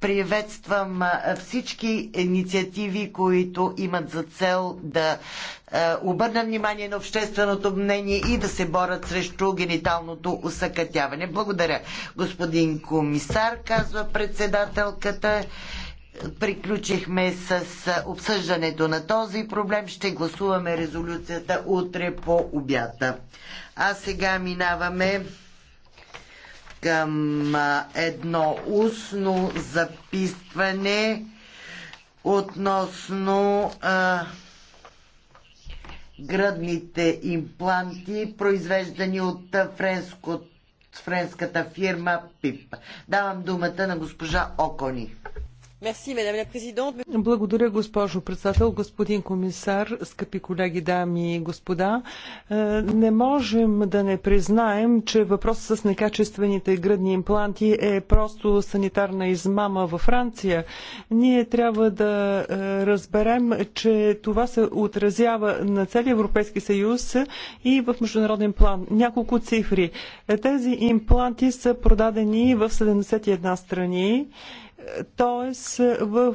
приветствам всички инициативи, които имат за цел да обърнат внимание на общественото мнение и да се борят срещу гениталното усъкътяване. Благодаря, господин комисар, казва председателката. Приключихме с обсъждането на този проблем. Ще гласуваме резолюцията утре по обята. А сега минаваме към едно устно записване относно а, гръдните импланти, произвеждани от френско, френската фирма ПИП. Давам думата на госпожа Окони. Благодаря, госпожо председател, господин комисар, скъпи колеги, дами и господа. Е, не можем да не признаем, че въпросът с некачествените гръдни импланти е просто санитарна измама във Франция. Ние трябва да е, разберем, че това се отразява на целия Европейски съюз и в международен план. Няколко цифри. Тези импланти са продадени в 71 страни. Тоест в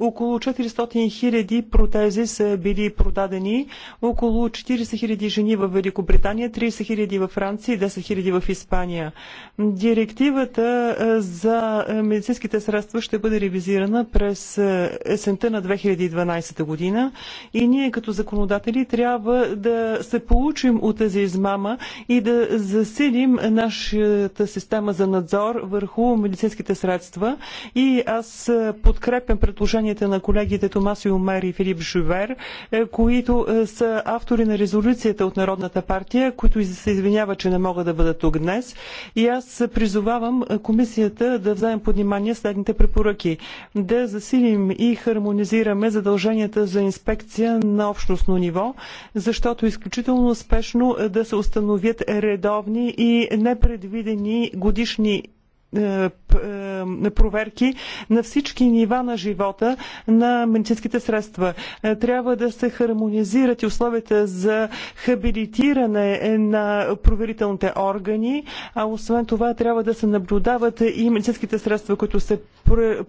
около 400 хиляди протези са били продадени, около 40 хиляди жени в Великобритания, 30 хиляди във Франция и 10 хиляди в Испания. Директивата за медицинските средства ще бъде ревизирана през есента на 2012 година и ние като законодатели трябва да се получим от тази измама и да засилим нашата система за надзор върху медицинските средства и аз подкрепям предложението изказванията на колегите Томасио Омер и Филип Жувер, е, които е, са автори на резолюцията от Народната партия, които се извинява, че не могат да бъдат тук днес. И аз призовавам е, комисията да вземем под внимание следните препоръки. Да засилим и хармонизираме задълженията за инспекция на общностно ниво, защото е изключително спешно да се установят редовни и непредвидени годишни е, е, проверки на всички нива на живота на медицинските средства. Е, трябва да се хармонизират и условията за хабилитиране на проверителните органи, а освен това трябва да се наблюдават и медицинските средства, които се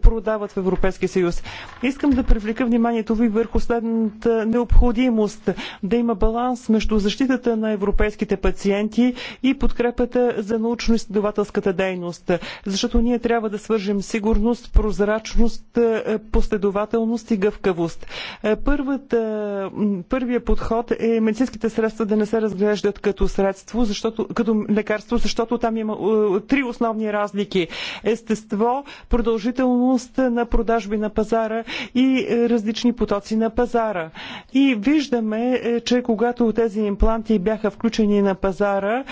продават в Европейския съюз. Искам да привлека вниманието ви върху следната необходимост да има баланс между защитата на европейските пациенти и подкрепата за научно-изследователската дейност защото ние трябва да свържем сигурност, прозрачност, е, последователност и гъвкавост. Е, първата, първия подход е медицинските средства да не се разглеждат като средство, защото, като лекарство, защото там има е, три основни разлики. Естество, продължителност на продажби на пазара и различни потоци на пазара. И виждаме, че когато тези импланти бяха включени на пазара,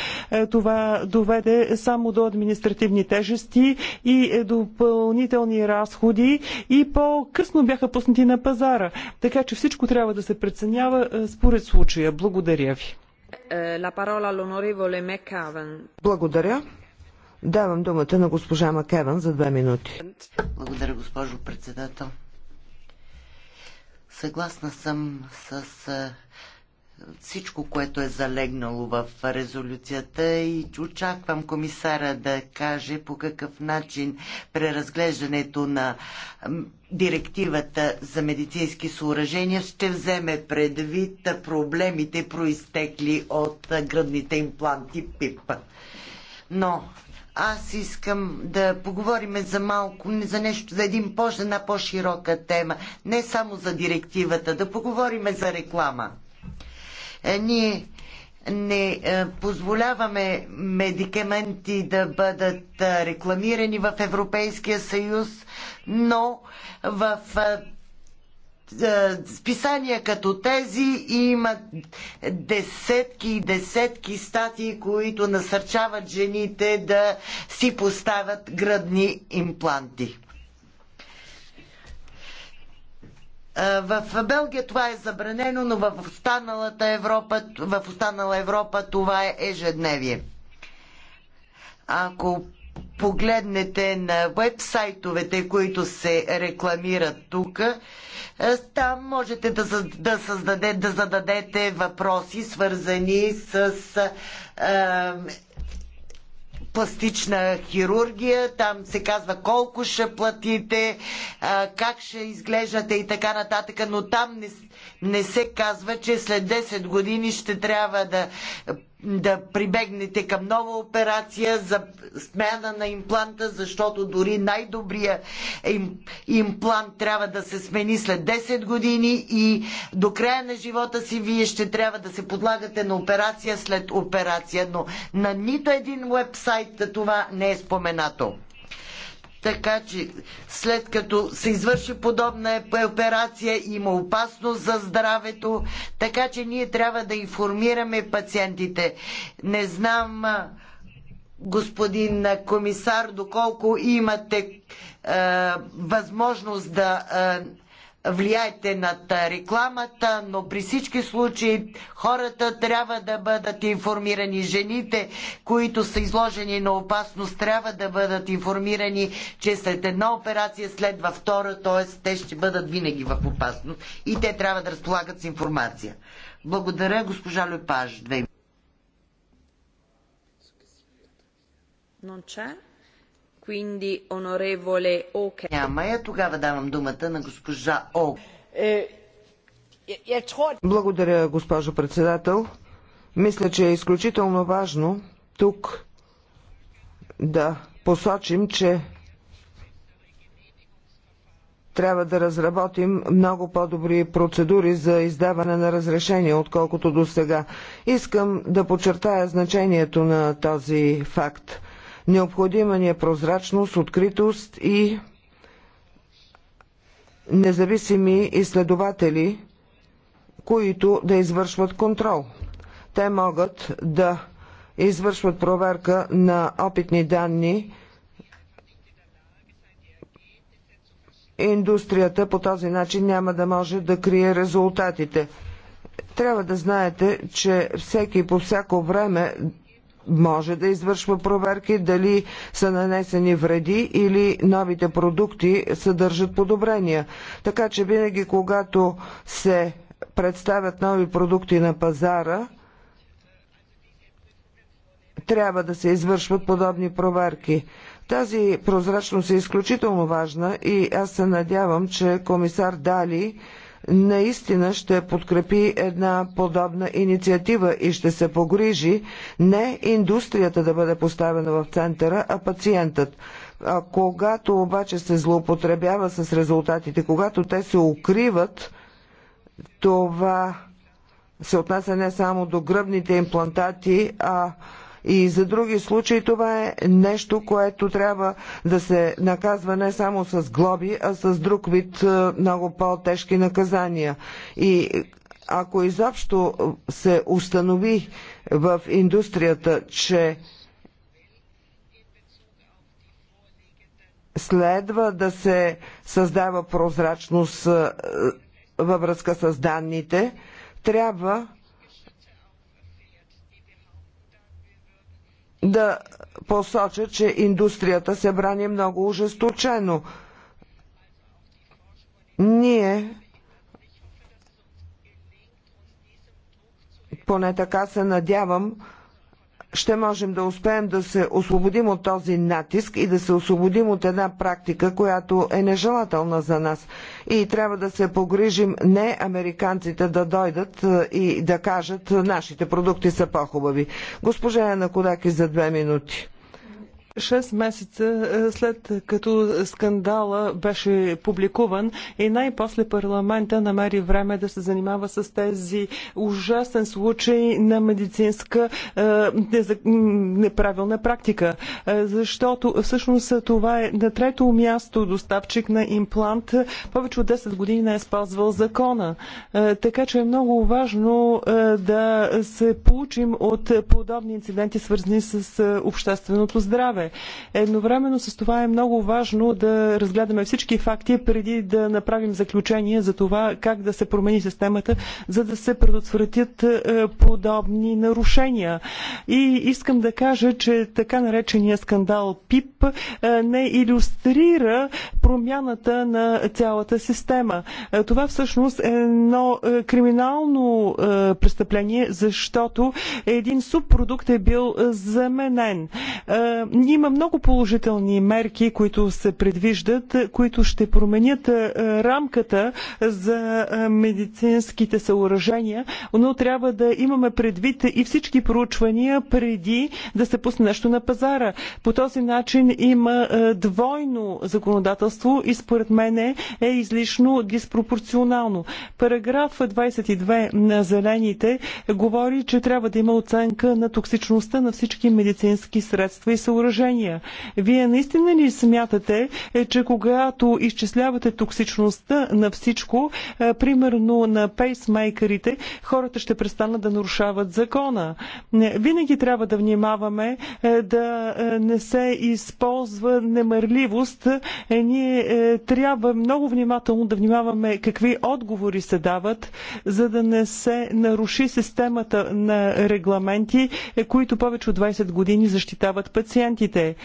това доведе само до административни тежести тежести и е, допълнителни разходи и по-късно бяха пуснати на пазара. Така че всичко трябва да се преценява е, според случая. Благодаря ви. Е, Благодаря. Давам думата на госпожа Макеван за две минути. Благодаря, госпожо председател. Съгласна съм с всичко, което е залегнало в резолюцията и очаквам комисара да каже по какъв начин преразглеждането на директивата за медицински съоръжения ще вземе предвид проблемите, проистекли от гръдните импланти ПИП. Но аз искам да поговорим за малко, за нещо, за един по, по-широка тема, не само за директивата, да поговорим за реклама. Е, ние не е, позволяваме медикаменти да бъдат е, рекламирани в Европейския съюз, но в списания като тези има десетки и десетки статии, които насърчават жените да си поставят гръдни импланти. В Белгия това е забранено, но в останалата Европа, в останала Европа това е ежедневие. Ако погледнете на вебсайтовете, които се рекламират тук, там можете да, да, създаде, да зададете въпроси, свързани с е, пластична хирургия. Там се казва колко ще платите, как ще изглеждате и така нататък, но там не, не се казва, че след 10 години ще трябва да, да прибегнете към нова операция за смяна на импланта, защото дори най-добрия имплант трябва да се смени след 10 години и до края на живота си вие ще трябва да се подлагате на операция след операция. Но на нито един вебсайт това не е споменато. Така че след като се извърши подобна е- е- операция, има опасност за здравето, така че ние трябва да информираме пациентите. Не знам, господин комисар, доколко имате е, възможност да. Е, влияете над рекламата, но при всички случаи хората трябва да бъдат информирани. Жените, които са изложени на опасност, трябва да бъдат информирани, че след една операция следва втора, т.е. те ще бъдат винаги в опасност и те трябва да разполагат с информация. Благодаря, госпожа Люпаж. Две... Non Quindi, onorevole Няма я, тогава давам думата на госпожа Оке. Благодаря, госпожо председател. Мисля, че е изключително важно тук да посочим, че трябва да разработим много по-добри процедури за издаване на разрешения, отколкото до сега. Искам да подчертая значението на този факт. Необходима ни е прозрачност, откритост и независими изследователи, които да извършват контрол. Те могат да извършват проверка на опитни данни. Индустрията по този начин няма да може да крие резултатите. Трябва да знаете, че всеки по всяко време може да извършва проверки дали са нанесени вреди или новите продукти съдържат подобрения. Така че винаги, когато се представят нови продукти на пазара, трябва да се извършват подобни проверки. Тази прозрачност е изключително важна и аз се надявам, че комисар Дали наистина ще подкрепи една подобна инициатива и ще се погрижи не индустрията да бъде поставена в центъра, а пациентът. А когато обаче се злоупотребява с резултатите, когато те се укриват, това се отнася не само до гръбните имплантати, а и за други случаи това е нещо, което трябва да се наказва не само с глоби, а с друг вид е, много по-тежки наказания. И ако изобщо се установи в индустрията, че следва да се създава прозрачност е, във връзка с данните, трябва да посоча, че индустрията се брани много ужесточено. Ние поне така се надявам, ще можем да успеем да се освободим от този натиск и да се освободим от една практика, която е нежелателна за нас. И трябва да се погрижим не американците да дойдат е, и да кажат нашите продукти са по-хубави. Госпожа Яна Кодаки за две минути. Шест месеца е, след като скандала беше публикуван и най-после парламента намери време да се занимава с тези ужасен случай на медицинска е, неправилна практика. Е, защото всъщност това е на трето място доставчик на имплант. Повече от 10 години не е спазвал закона. Така че е много важно да се получим от подобни инциденти, свързани с общественото здраве добре. Едновременно с това е много важно да разгледаме всички факти преди да направим заключение за това как да се промени системата, за да се предотвратят е, подобни нарушения. И искам да кажа, че така наречения скандал ПИП е, не иллюстрира промяната на цялата система. Е, това всъщност е едно криминално престъпление, защото един субпродукт е бил заменен. Ние има много положителни мерки, които се предвиждат, които ще променят рамката за медицинските съоръжения, но трябва да имаме предвид и всички проучвания преди да се пусне нещо на пазара. По този начин има двойно законодателство и според мен е излишно диспропорционално. Параграф 22 на зелените говори, че трябва да има оценка на токсичността на всички медицински средства и съоръжения отношения. Вие наистина ли смятате, е, че когато изчислявате токсичността на всичко, е, примерно на пейсмейкерите, хората ще престанат да нарушават закона? Винаги трябва да внимаваме е, да не се използва немърливост. Ние трябва много внимателно да внимаваме какви отговори се дават, за да не се наруши системата на регламенти, които повече от 20 години защитават пациентите цените.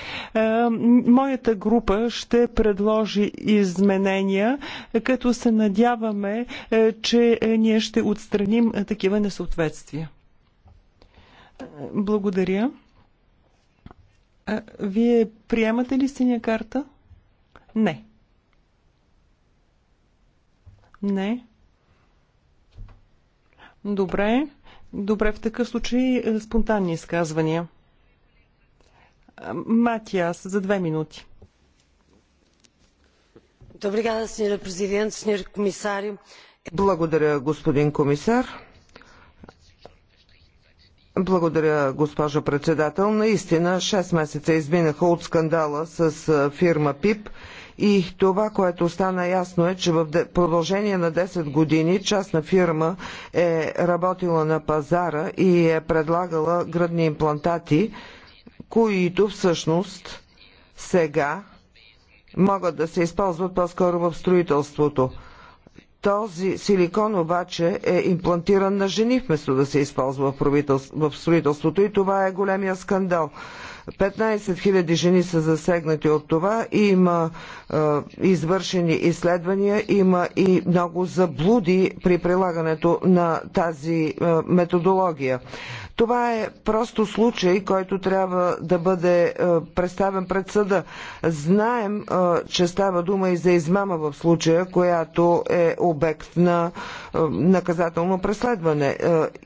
Моята група ще предложи изменения, като се надяваме, е, че ние ще отстраним такива несъответствия. Благодаря. Вие приемате ли синя карта? Не. Не. Добре. Добре, в такъв случай е, спонтанни изказвания. Матиас за две минути. Благодаря, господин комисар. Благодаря, госпожо председател. Наистина, 6 месеца изминаха от скандала с фирма ПИП и това, което стана ясно е, че в продължение на 10 години частна фирма е работила на пазара и е предлагала гръдни имплантати – които всъщност сега могат да се използват по-скоро в строителството. Този силикон обаче е имплантиран на жени, вместо да се използва в, в строителството и това е големия скандал. 15 000 жени са засегнати от това. Има е, извършени изследвания, има и много заблуди при прилагането на тази е, методология. Това е просто случай, който трябва да бъде е, представен пред съда. Знаем, е, че става дума и за измама в случая, която е обект на е, наказателно преследване.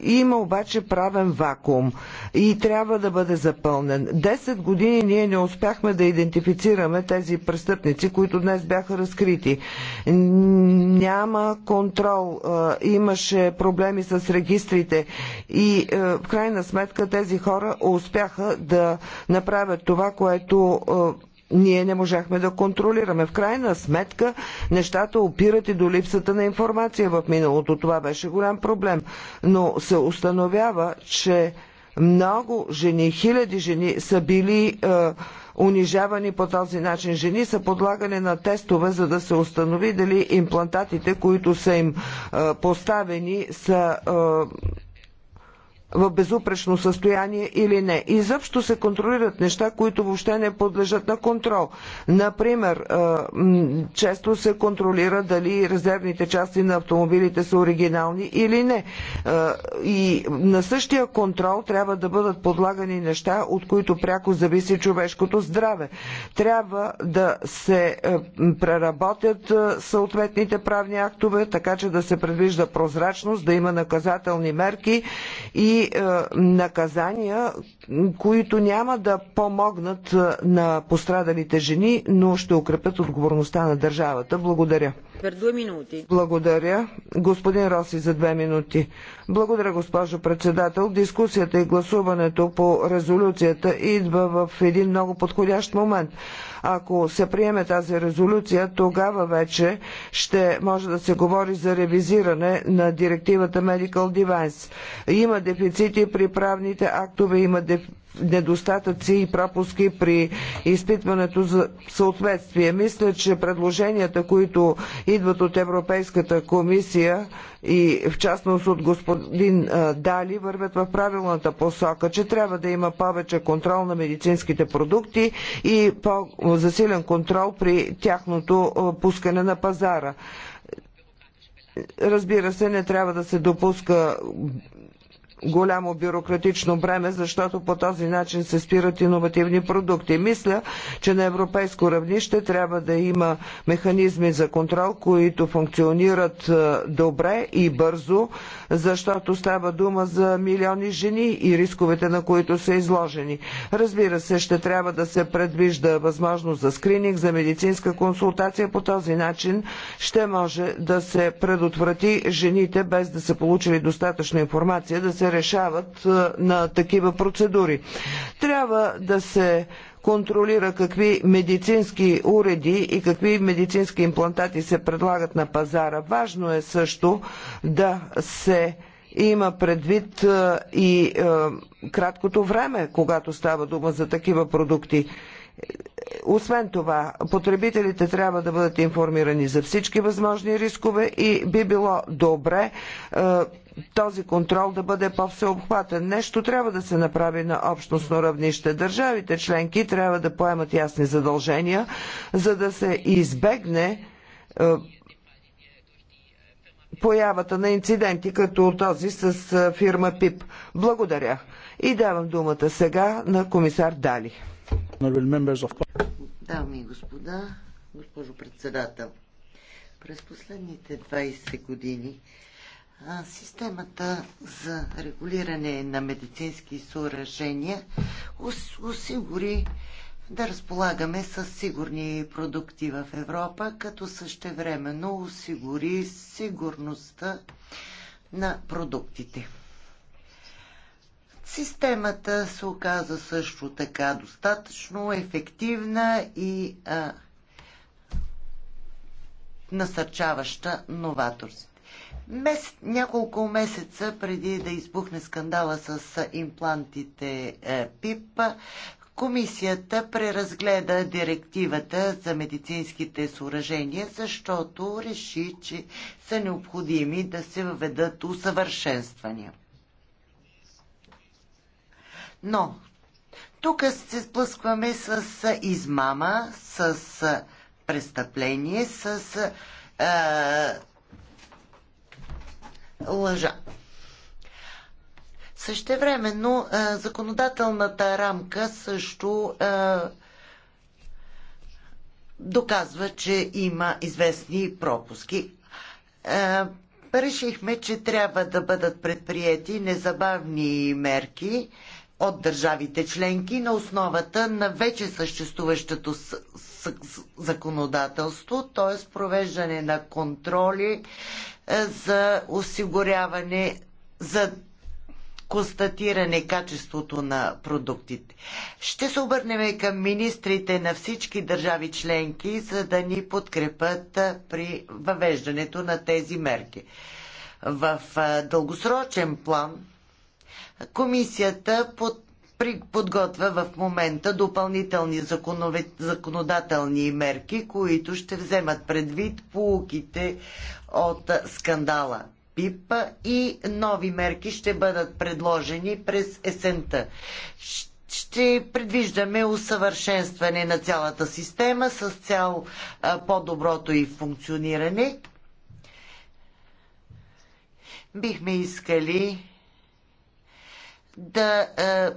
Има обаче правен вакуум и трябва да бъде запълнен. Десет години ние не успяхме да идентифицираме тези престъпници, които днес бяха разкрити. Няма контрол, имаше проблеми с регистрите и в крайна крайна сметка тези хора успяха да направят това, което е, ние не можахме да контролираме. В крайна сметка нещата опират и до липсата на информация в миналото. Това беше голям проблем. Но се установява, че много жени, хиляди жени са били е, унижавани по този начин. Жени са подлагани на тестове, за да се установи дали имплантатите, които са им е, поставени, са. Е, в безупречно състояние или не. Изобщо се контролират неща, които въобще не подлежат на контрол. Например, често се контролира дали резервните части на автомобилите са оригинални или не. И на същия контрол трябва да бъдат подлагани неща, от които пряко зависи човешкото здраве. Трябва да се преработят съответните правни актове, така че да се предвижда прозрачност, да има наказателни мерки и е, наказания, които няма да помогнат е, на пострадалите жени, но ще укрепят отговорността на държавата. Благодаря. Благодаря. Господин Роси за две минути. Благодаря, госпожо председател. Дискусията и гласуването по резолюцията идва в един много подходящ момент. Ако се приеме тази резолюция, тогава вече ще може да се говори за ревизиране на директивата Medical Device. Има дефицити при правните актове, има дефицити недостатъци и пропуски при изпитването за съответствие. Мисля, че предложенията, които идват от Европейската комисия и в частност от господин Дали, вървят в правилната посока, че трябва да има повече контрол на медицинските продукти и по-засилен контрол при тяхното пускане на пазара. Разбира се, не трябва да се допуска голямо бюрократично бреме, защото по този начин се спират иновативни продукти. Мисля, че на европейско равнище трябва да има механизми за контрол, които функционират е, добре и бързо, защото става дума за милиони жени и рисковете, на които са изложени. Разбира се, ще трябва да се предвижда възможност за скрининг, за медицинска консултация. По този начин ще може да се предотврати жените, без да са получили достатъчно информация, да се решават на такива процедури. Трябва да се контролира какви медицински уреди и какви медицински имплантати се предлагат на пазара. Важно е също да се има предвид и краткото време, когато става дума за такива продукти. Освен това, потребителите трябва да бъдат информирани за всички възможни рискове и би било добре този контрол да бъде по-всеобхватен. Нещо трябва да се направи на общностно равнище. Държавите членки трябва да поемат ясни задължения, за да се избегне е, появата на инциденти, като този с е, фирма ПИП. Благодаря. И давам думата сега на комисар Дали. Дами и господа, госпожо председател, през последните 20 години Системата за регулиране на медицински съоръжения осигури да разполагаме с сигурни продукти в Европа, като същевременно осигури сигурността на продуктите. Системата се оказа също така достатъчно ефективна и а, насърчаваща новаторство. Мес, няколко месеца преди да избухне скандала с имплантите е, ПИП, комисията преразгледа директивата за медицинските съоръжения, защото реши, че са необходими да се въведат усъвършенствания. Но тук се сблъскваме с измама, с престъпление, с е, лъжа. Същевременно е, законодателната рамка също е, доказва, че има известни пропуски. Е, решихме, че трябва да бъдат предприяти незабавни мерки от държавите членки на основата на вече съществуващото законодателство, т.е. провеждане на контроли е, за осигуряване, за констатиране качеството на продуктите. Ще се обърнем към министрите на всички държави членки, за да ни подкрепят е, при въвеждането на тези мерки. В е, дългосрочен план Комисията под подготвя в момента допълнителни законодателни мерки, които ще вземат предвид полуките от скандала ПИП и нови мерки ще бъдат предложени през есента. Ще предвиждаме усъвършенстване на цялата система с цял по-доброто и функциониране. Бихме искали да е,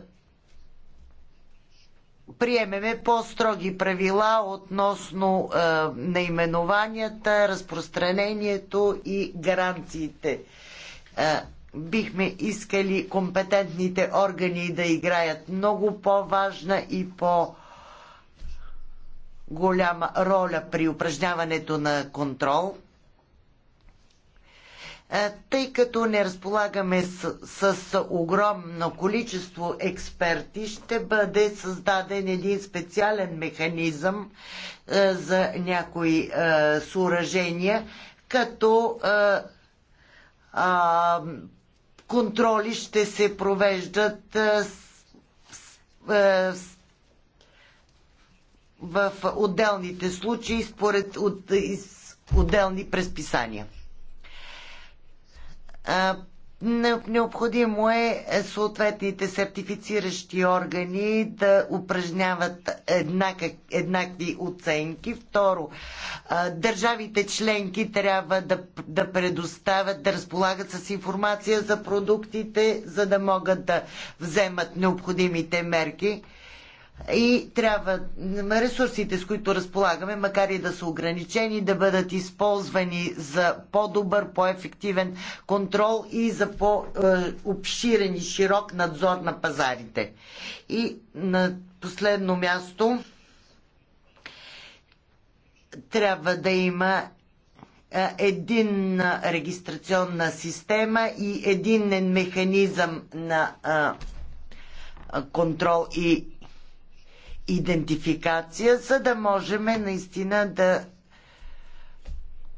приемеме по-строги правила относно е, наименованията, разпространението и гаранциите е, бихме искали компетентните органи да играят много по-важна и по- голяма роля при упражняването на контрол. Е, тъй като не разполагаме с, с огромно количество експерти, ще бъде създаден един специален механизъм е, за някои е, съоръжения, като е, контроли ще се провеждат е, е, в отделните случаи според от, из, отделни предписания. Необходимо е съответните сертифициращи органи да упражняват еднакък, еднакви оценки. Второ, държавите членки трябва да, да предоставят, да разполагат с информация за продуктите, за да могат да вземат необходимите мерки и трябва ресурсите, с които разполагаме, макар и да са ограничени, да бъдат използвани за по-добър, по-ефективен контрол и за по-обширен и широк надзор на пазарите. И на последно място трябва да има един регистрационна система и единен механизъм на контрол и идентификация, за да можем наистина да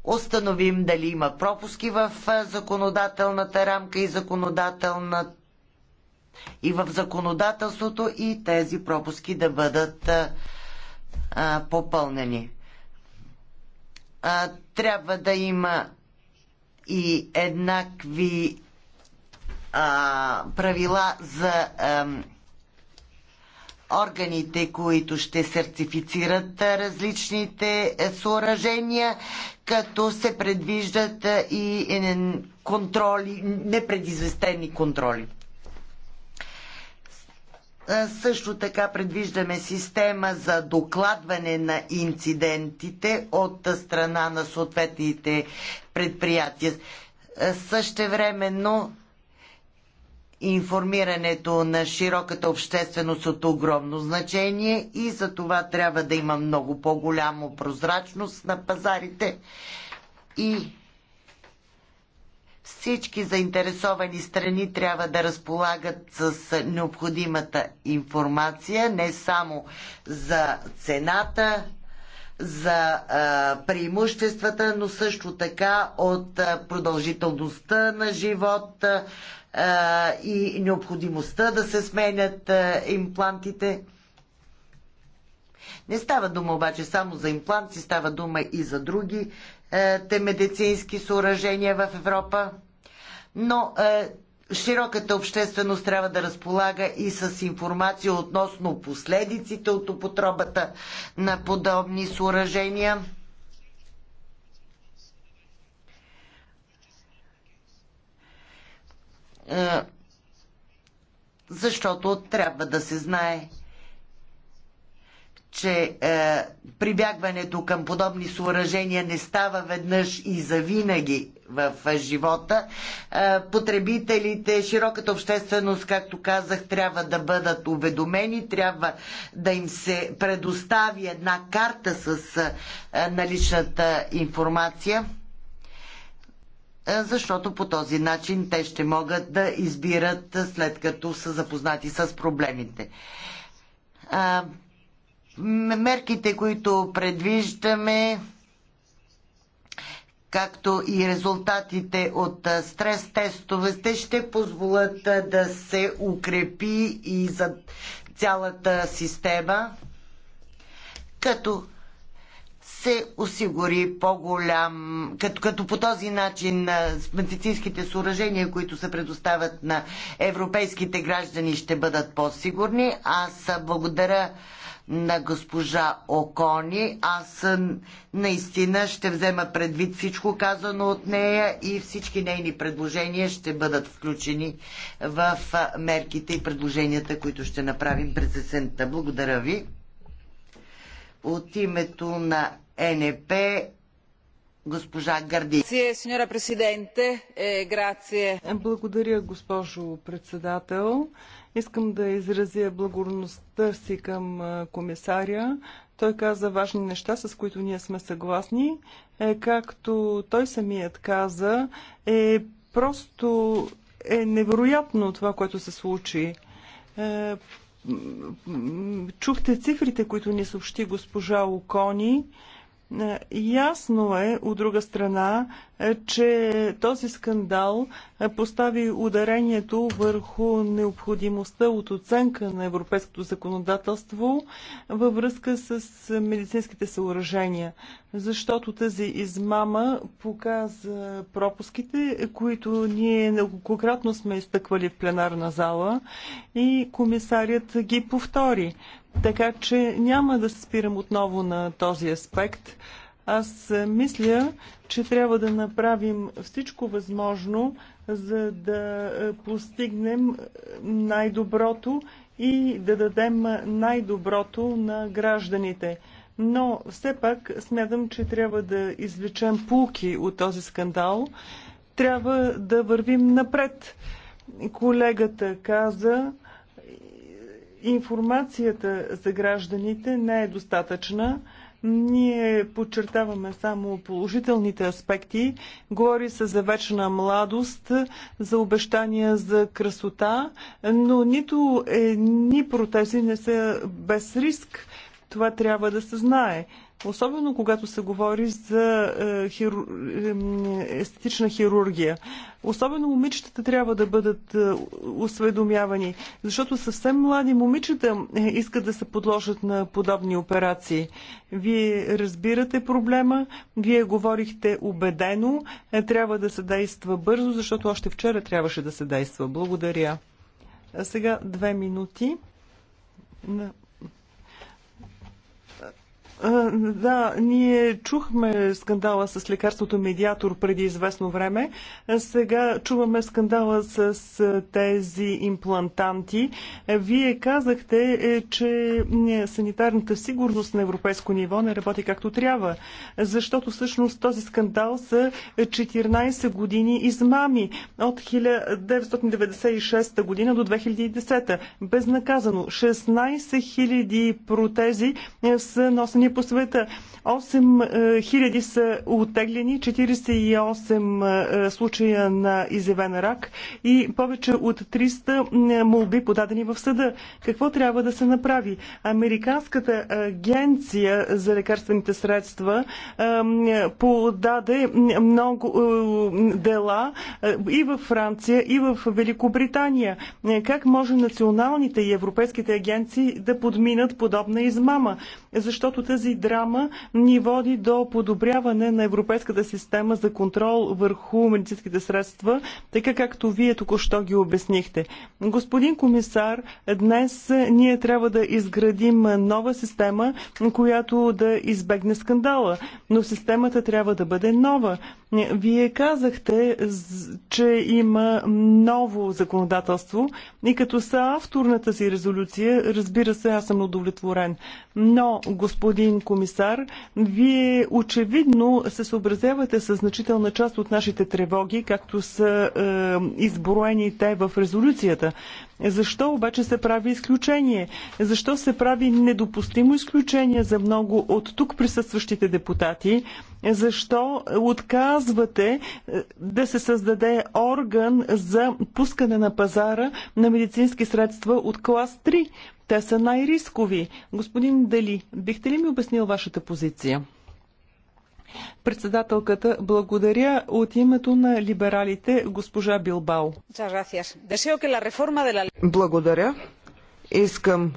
установим дали има пропуски в законодателната рамка и законодателна, и в законодателството и тези пропуски да бъдат а, а, попълнени. А, трябва да има и еднакви а, правила за а, органите, които ще сертифицират различните съоръжения, като се предвиждат и е, контроли, непредизвестени контроли. Също така предвиждаме система за докладване на инцидентите от страна на съответните предприятия. Същевременно информирането на широката общественост от огромно значение и за това трябва да има много по-голямо прозрачност на пазарите и всички заинтересовани страни трябва да разполагат с необходимата информация, не само за цената, за а, преимуществата, но също така от а, продължителността на живота, и необходимостта да се сменят имплантите. Не става дума обаче само за импланти, става дума и за други те медицински съоръжения в Европа. Но широката общественост трябва да разполага и с информация относно последиците от употребата на подобни съоръжения. Е, защото трябва да се знае, че е, прибягването към подобни съоръжения не става веднъж и завинаги в, живота. Е, потребителите, широката общественост, както казах, трябва да бъдат уведомени, трябва да им се предостави една карта с е, наличната информация. Е, защото по този начин те ще могат да избират е, след като са запознати с проблемите. Е, мерките, които предвиждаме, както и резултатите от стрес тестовете ще позволят да се укрепи и за цялата система, като се осигури по-голям, като, като по този начин медицинските съоръжения, които се предоставят на европейските граждани, ще бъдат по-сигурни. Аз благодаря на госпожа Окони. Аз наистина ще взема предвид всичко казано от нея и всички нейни предложения ще бъдат включени в мерките и предложенията, които ще направим през есента. Благодаря ви. От името на е НП госпожа Гърди. Е, Благодаря, госпожо председател. Искам да изразя благодарността си към комисаря. Той каза важни неща, с които ние сме съгласни. Е, както той самият каза, е просто е невероятно това, което се случи. Чухте цифрите, които ни съобщи госпожа Окони. Е, ясно е, от друга страна, е, че този скандал е, постави ударението върху необходимостта от оценка на европейското законодателство във връзка с медицинските съоръжения, защото тази измама показа пропуските, които ние многократно сме изтъквали в пленарна зала и комисарият ги повтори. Така че няма да се спирам отново на този аспект. Аз мисля, че трябва да направим всичко възможно, за да е, постигнем е, най-доброто и да дадем най-доброто на гражданите. Но все пак смятам, че трябва да извлечем пулки от този скандал. Трябва да вървим напред. Колегата каза, Информацията за гражданите не е достатъчна. Ние подчертаваме само положителните аспекти. Говори се за вечна младост, за обещания за красота, но нито едни протези не са без риск. Това трябва да се знае особено когато се говори за е, е, естетична хирургия. Особено момичетата трябва да бъдат е, осведомявани, защото съвсем млади момичета искат да се подложат на подобни операции. Вие разбирате проблема, вие говорихте убедено, трябва да се действа бързо, защото още вчера трябваше да се действа. Благодаря. А сега две минути на да, ние чухме скандала с лекарството медиатор преди известно време. Сега чуваме скандала с тези имплантанти. Вие казахте, е, че е, санитарната сигурност на европейско ниво не работи както трябва, защото всъщност този скандал са 14 е, години измами от 1996 година до 2010. Безнаказано 16 000 протези са носени по света. 8000 е, са оттеглени, 48 е, случая на изявен рак и повече от 300 е, молби подадени в съда. Какво трябва да се направи? Американската агенция за лекарствените средства подаде много дела и във Франция, и в Великобритания. Как може националните и европейските агенции да подминат подобна измама? Защото те тази драма ни води до подобряване на европейската система за контрол върху медицинските средства, така както вие току-що ги обяснихте. Господин комисар, днес ние трябва да изградим нова система, която да избегне скандала, но системата трябва да бъде нова. Вие казахте, че има ново законодателство и като са автор на тази резолюция, разбира се, аз съм удовлетворен. Но, господин господин комисар. Вие очевидно се съобразявате с значителна част от нашите тревоги, както са е, изброени те в резолюцията. Защо обаче се прави изключение? Защо се прави недопустимо изключение за много от тук присъстващите депутати? Защо отказвате е, да се създаде орган за пускане на пазара на медицински средства от клас 3? Те са най-рискови. Господин Дали, бихте ли ми обяснил вашата позиция? Председателката благодаря от името на либералите госпожа Билбао. Благодаря. Искам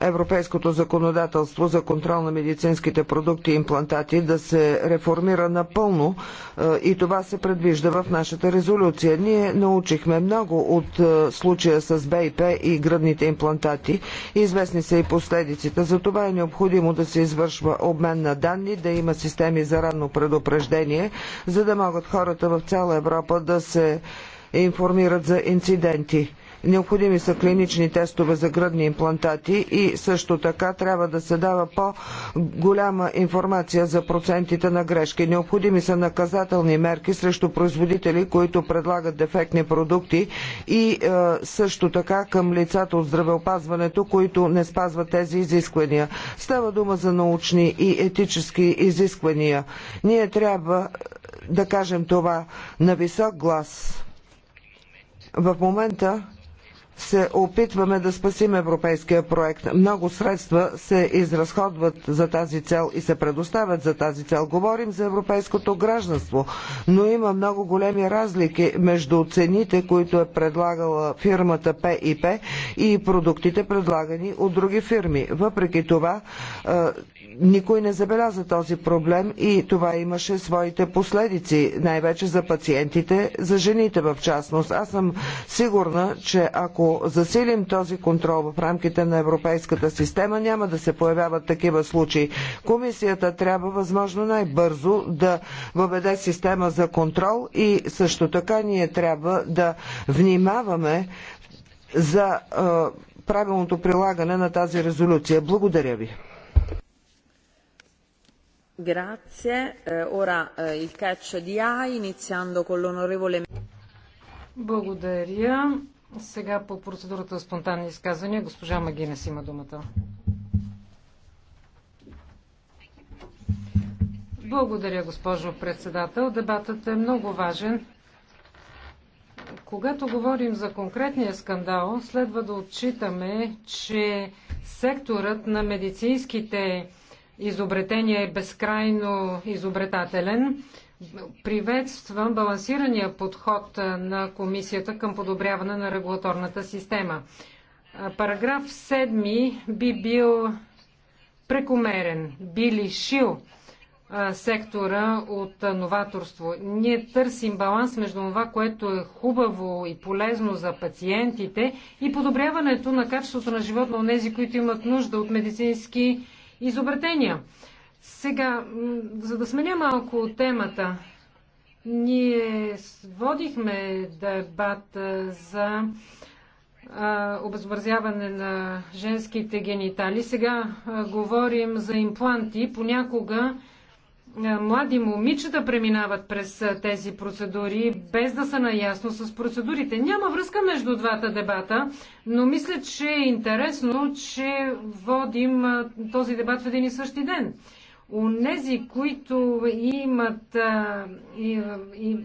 европейското законодателство за контрол на медицинските продукти и имплантати да се реформира напълно е, и това се предвижда в нашата резолюция. Ние научихме много от е, случая с БИП и гръдните имплантати. Известни са и последиците. За това е необходимо да се извършва обмен на данни, да има системи за ранно предупреждение, за да могат хората в цяла Европа да се информират за инциденти. Необходими са клинични тестове за гръдни имплантати и също така трябва да се дава по-голяма информация за процентите на грешки. Необходими са наказателни мерки срещу производители, които предлагат дефектни продукти и е, също така към лицата от здравеопазването, които не спазват тези изисквания. Става дума за научни и етически изисквания. Ние трябва да кажем това на висок глас. В момента се опитваме да спасим европейския проект. Много средства се изразходват за тази цел и се предоставят за тази цел. Говорим за европейското гражданство, но има много големи разлики между цените, които е предлагала фирмата ПИП и продуктите предлагани от други фирми. Въпреки това, е, никой не забеляза този проблем и това имаше своите последици, най-вече за пациентите, за жените в частност. Аз съм сигурна, че ако засилим този контрол в рамките на европейската система, няма да се появяват такива случаи. Комисията трябва възможно най-бързо да въведе система за контрол и също така ние трябва да внимаваме за правилното прилагане на тази резолюция. Благодаря ви. Eh, eh, Благодаря. Сега по процедурата за спонтанни изказвания госпожа Магинес има думата. Благодаря, госпожо председател. Дебатът е много важен. Когато говорим за конкретния скандал, следва да отчитаме, че секторът на медицинските изобретение е безкрайно изобретателен. Приветствам балансирания подход на комисията към подобряване на регулаторната система. Параграф 7 би бил прекомерен, би лишил сектора от новаторство. Ние търсим баланс между това, което е хубаво и полезно за пациентите и подобряването на качеството на живот на тези, които имат нужда от медицински изобретения. Сега, за да сменя малко темата, ние водихме дебат за обезобразяване на женските генитали. Сега а, говорим за импланти. Понякога е, млади момичета преминават през е, тези процедури, без да са наясно с процедурите. Няма връзка между двата дебата, но мисля, че е интересно, че водим е, този дебат в един и същи ден. нези, които имат а, и, и,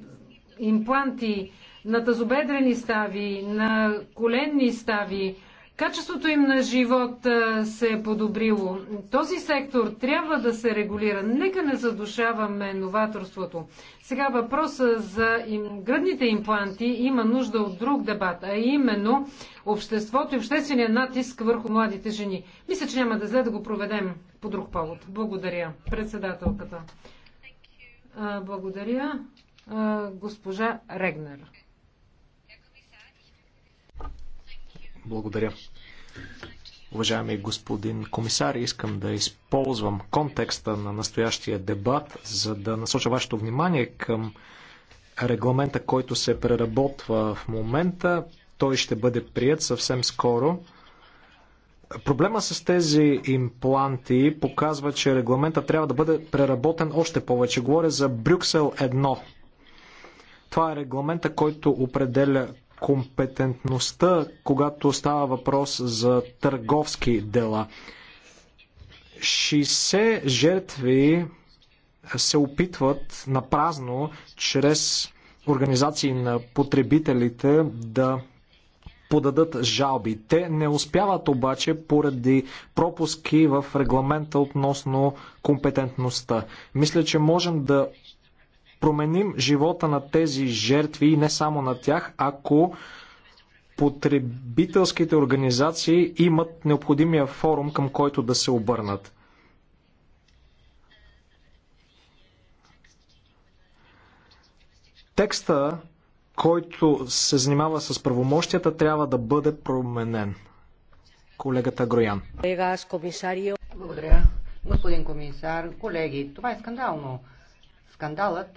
импланти на тазобедрени стави, на коленни стави, Качеството им на живот се е подобрило. Този сектор трябва да се регулира. Нека не задушаваме новаторството. Сега въпроса за им, гръдните импланти има нужда от друг дебат, а именно обществото и обществения натиск върху младите жени. Мисля, че няма да зле да го проведем по друг повод. Благодаря, председателката. благодаря, госпожа Регнер. Благодаря. Уважаеми господин комисар, искам да използвам контекста на настоящия дебат, за да насоча вашето внимание към регламента, който се преработва в момента. Той ще бъде прият съвсем скоро. Проблема с тези импланти показва, че регламента трябва да бъде преработен още повече. Говоря за Брюксел 1. Това е регламента, който определя компетентността, когато става въпрос за търговски дела. 60 жертви се опитват на празно, чрез организации на потребителите да подадат жалби. Те не успяват обаче поради пропуски в регламента относно компетентността. Мисля, че можем да променим живота на тези жертви и не само на тях, ако потребителските организации имат необходимия форум, към който да се обърнат. Текста, който се занимава с правомощията, трябва да бъде променен. Колегата Гроян. Благодаря. Господин комисар, колеги, това е скандално. Скандалът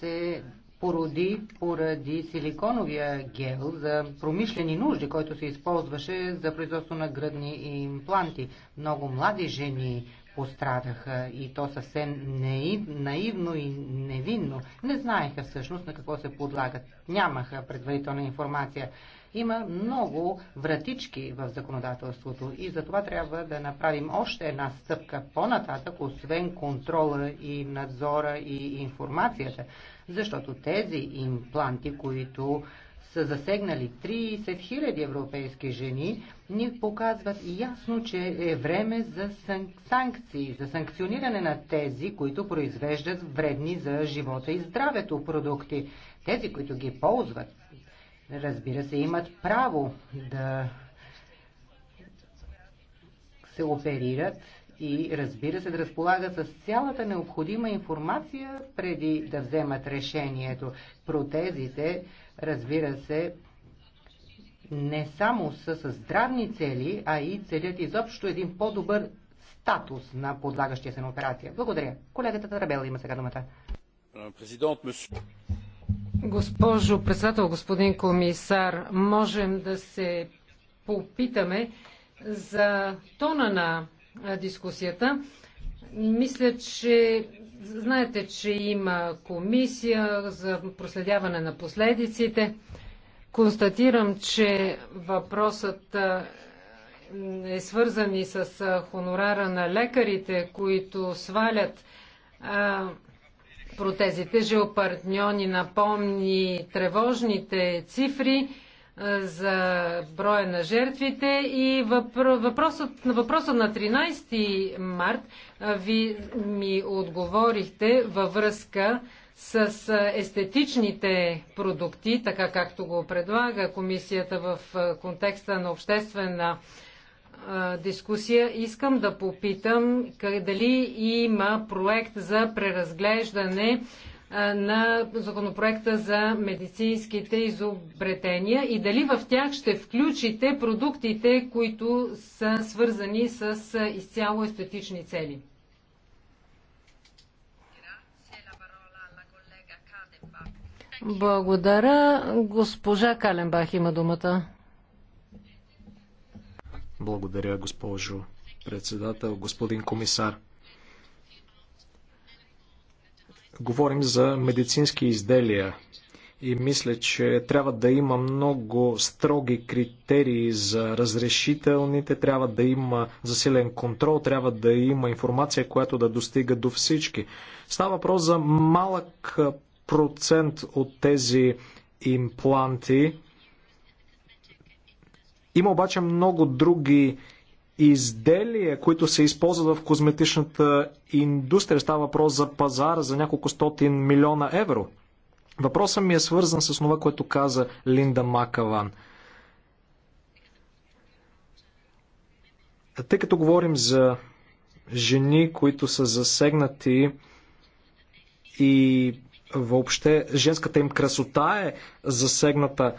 се породи поради силиконовия гел за промишлени нужди, който се използваше за производство на гръдни импланти. Много млади жени пострадаха и то съвсем наивно и невинно. Не знаеха всъщност на какво се подлагат. Нямаха предварителна информация. Има много вратички в законодателството и за това трябва да направим още една стъпка по-нататък, освен контрола и надзора и информацията, защото тези импланти, които са засегнали 30 000 европейски жени, ни показват ясно, че е време за санкции, за санкциониране на тези, които произвеждат вредни за живота и здравето продукти. Тези, които ги ползват, разбира се, имат право да се оперират и разбира се да разполагат с цялата необходима информация преди да вземат решението. Протезите, разбира се, не само са с здравни цели, а и целят изобщо един по-добър статус на подлагащия се на операция. Благодаря. Колегата Тарабела има сега думата. Президент, Госпожо председател, господин комисар, можем да се попитаме за тона на дискусията. Мисля, че знаете, че има комисия за проследяване на последиците. Констатирам, че въпросът е свързан и с хонорара на лекарите, които свалят протезите. Жилпартньон ни напомни тревожните цифри е, за броя на жертвите и въпросът, на въпроса на 13 март е, ви ми отговорихте във връзка с е, естетичните продукти, така както го предлага комисията в контекста на обществена дискусия, искам да попитам дали има проект за преразглеждане на законопроекта за медицинските изобретения и дали в тях ще включите продуктите, които са свързани с изцяло естетични цели. Благодаря. Госпожа Каленбах има думата. Благодаря, госпожо председател, господин комисар. Говорим за медицински изделия и мисля, че трябва да има много строги критерии за разрешителните, трябва да има засилен контрол, трябва да има информация, която да достига до всички. Става въпрос за малък процент от тези импланти, има обаче много други изделия, които се използват в козметичната индустрия. Става въпрос за пазар за няколко стотин милиона евро. Въпросът ми е свързан с това, което каза Линда Макаван. Тъй като говорим за жени, които са засегнати и въобще женската им красота е засегната,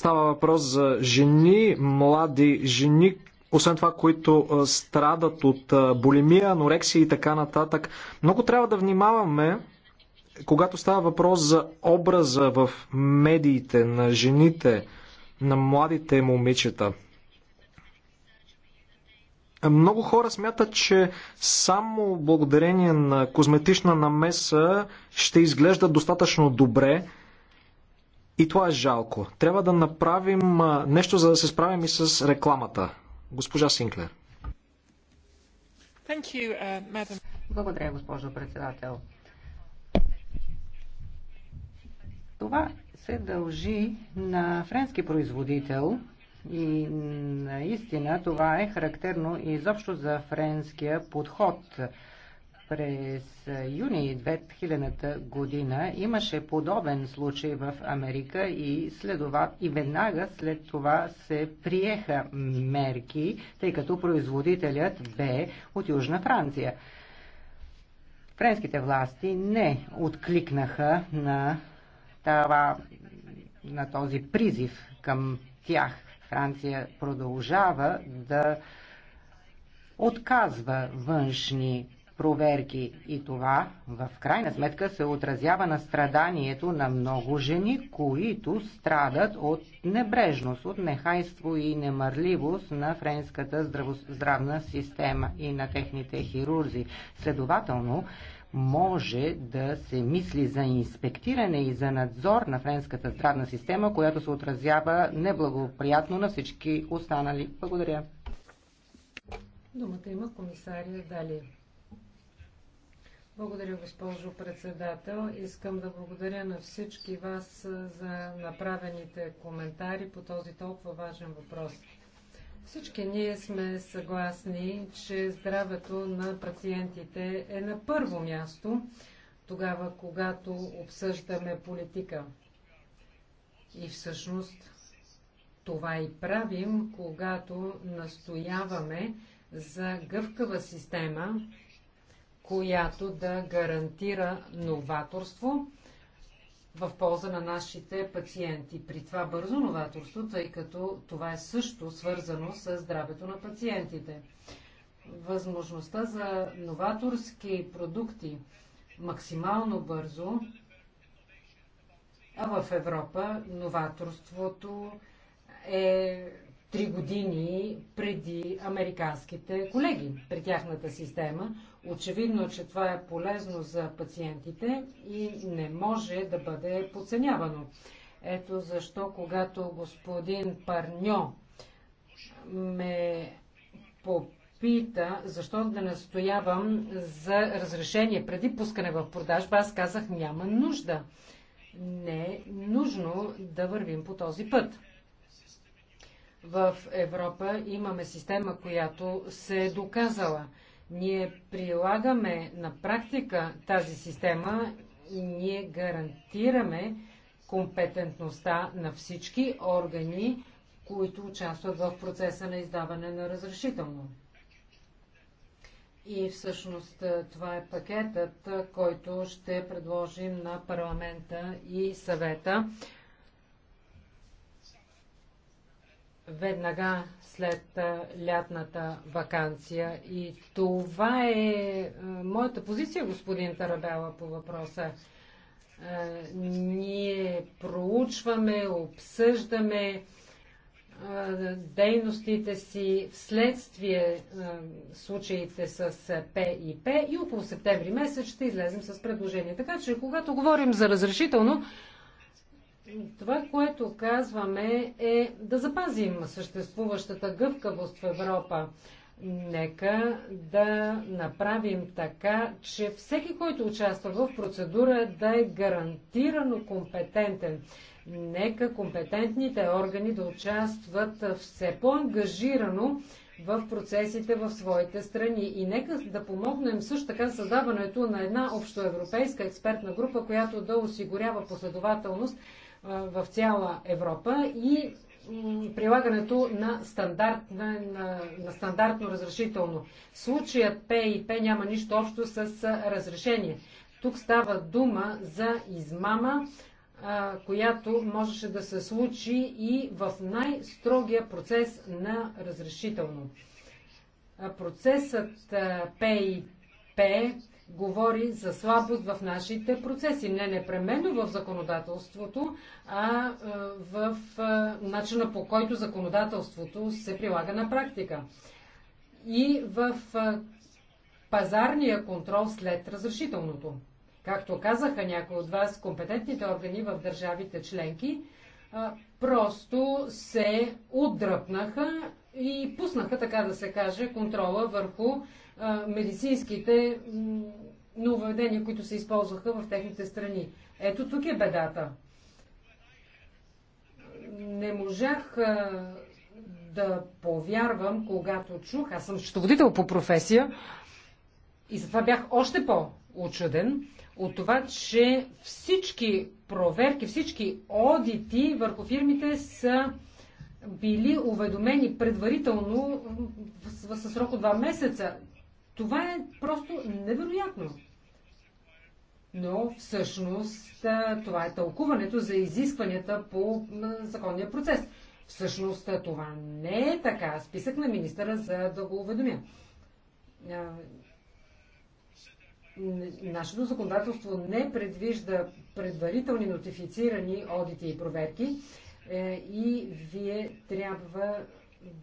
Става въпрос за жени, млади жени, освен това, които страдат от болемия, анорексия и така нататък. Много трябва да внимаваме, когато става въпрос за образа в медиите на жените, на младите момичета. Много хора смятат, че само благодарение на козметична намеса ще изглеждат достатъчно добре, и това е жалко. Трябва да направим нещо, за да се справим и с рекламата. Госпожа Синклер. Uh, Благодаря, госпожо председател. Това се дължи на френски производител и наистина това е характерно изобщо за френския подход през юни 2000 година имаше подобен случай в Америка и, следова, и веднага след това се приеха мерки, тъй като производителят бе от Южна Франция. Френските власти не откликнаха на, това, на този призив към тях. Франция продължава да отказва външни проверки. И това, в крайна сметка, се отразява на страданието на много жени, които страдат от небрежност, от нехайство и немърливост на френската здраво... здравна система и на техните хирурзи. Следователно, може да се мисли за инспектиране и за надзор на френската здравна система, която се отразява неблагоприятно на всички останали. Благодаря. Думата има комисария Дали. Благодаря, госпожо председател. Искам да благодаря на всички вас за направените коментари по този толкова важен въпрос. Всички ние сме съгласни, че здравето на пациентите е на първо място тогава, когато обсъждаме политика. И всъщност това и правим, когато настояваме за гъвкава система, която да гарантира новаторство в полза на нашите пациенти. При това бързо новаторство, тъй като това е също свързано с здравето на пациентите. Възможността за новаторски продукти максимално бързо, а в Европа новаторството е три години преди американските колеги, при тяхната система. Очевидно, че това е полезно за пациентите и не може да бъде подценявано. Ето защо, когато господин Парньо ме попита защо да настоявам за разрешение преди пускане в продажба, аз казах няма нужда. Не е нужно да вървим по този път в Европа имаме система, която се е доказала. Ние прилагаме на практика тази система и ние гарантираме компетентността на всички органи, които участват в процеса на издаване на разрешително. И всъщност е, това е пакетът, е, който ще предложим на парламента и съвета веднага след лятната вакансия. И това е, е моята позиция, господин Тарабела, по въпроса. Е, ние проучваме, обсъждаме е, дейностите си вследствие случаите с П и П и около септември месец ще излезем с предложение. Така че, когато говорим за разрешително, това, което казваме е да запазим съществуващата гъвкавост в Европа. Нека да направим така, че всеки, който участва в процедура, да е гарантирано компетентен. Нека компетентните органи да участват все по-ангажирано в процесите в своите страни. И нека да помогнем също така създаването на една общоевропейска експертна група, която да осигурява последователност в цяла Европа и прилагането на, стандарт, на, на, на стандартно разрешително. Случаят П и П няма нищо общо с разрешение. Тук става дума за измама, която можеше да се случи и в най-строгия процес на разрешително. процесът ПИП говори за слабост в нашите процеси. Не непременно в законодателството, а в начина по който законодателството се прилага на практика. И в пазарния контрол след разрешителното както казаха някои от вас, компетентните органи в държавите членки просто се отдръпнаха и пуснаха, така да се каже, контрола върху медицинските нововведения, които се използваха в техните страни. Ето тук е бедата. Не можах да повярвам, когато чух, аз съм счетоводител по професия, и затова бях още по-очуден, от това, че всички проверки, всички одити върху фирмите са били уведомени предварително със срок от два месеца. Това е просто невероятно. Но всъщност това е тълкуването за изискванията по законния процес. Всъщност това не е така. Списък на министъра за да го уведомя нашето законодателство не предвижда предварителни нотифицирани одити и проверки е, и вие трябва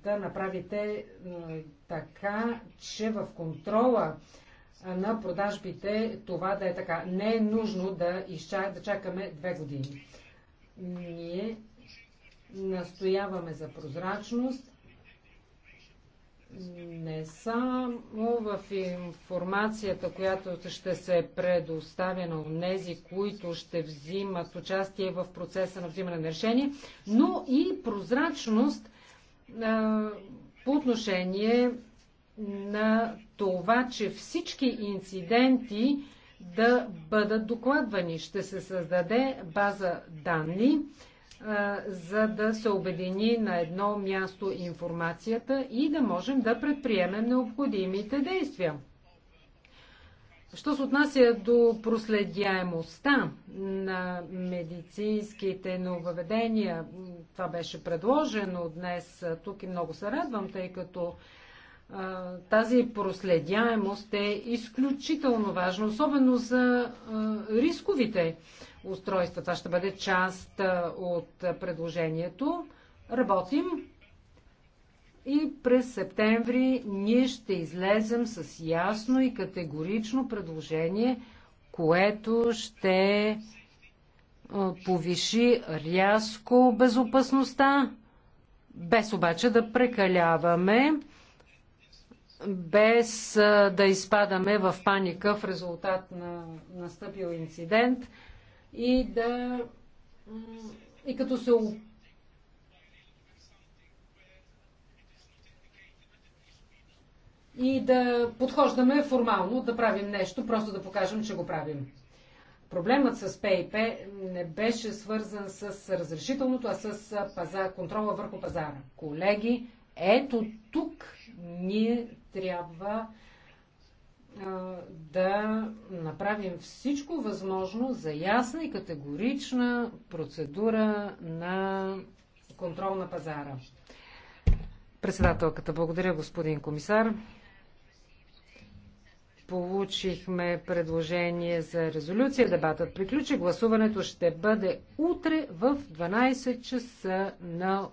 да направите така, че в контрола на продажбите това да е така. Не е нужно да, изча, да чакаме две години. Ние настояваме за прозрачност не само в информацията, която ще се предоставя на тези, които ще взимат участие в процеса на взимане на решение, но и прозрачност а, по отношение на това, че всички инциденти да бъдат докладвани. Ще се създаде база данни, за да се обедини на едно място информацията и да можем да предприемем необходимите действия. Що се отнася до проследяемостта на медицинските нововведения, това беше предложено днес тук и много се радвам, тъй като тази проследяемост е изключително важна, особено за рисковите устройства. Това ще бъде част от предложението. Работим и през септември ние ще излезем с ясно и категорично предложение, което ще повиши рязко безопасността, без обаче да прекаляваме, без да изпадаме в паника в резултат на настъпил инцидент и да и като се и да подхождаме формално, да правим нещо, просто да покажем, че го правим. Проблемът с ПИП не беше свързан с разрешителното, а с паза, контрола върху пазара. Колеги, ето тук ние трябва да направим всичко възможно за ясна и категорична процедура на контрол на пазара. Председателката, благодаря господин комисар. Получихме предложение за резолюция. Дебатът приключи. Гласуването ще бъде утре в 12 часа на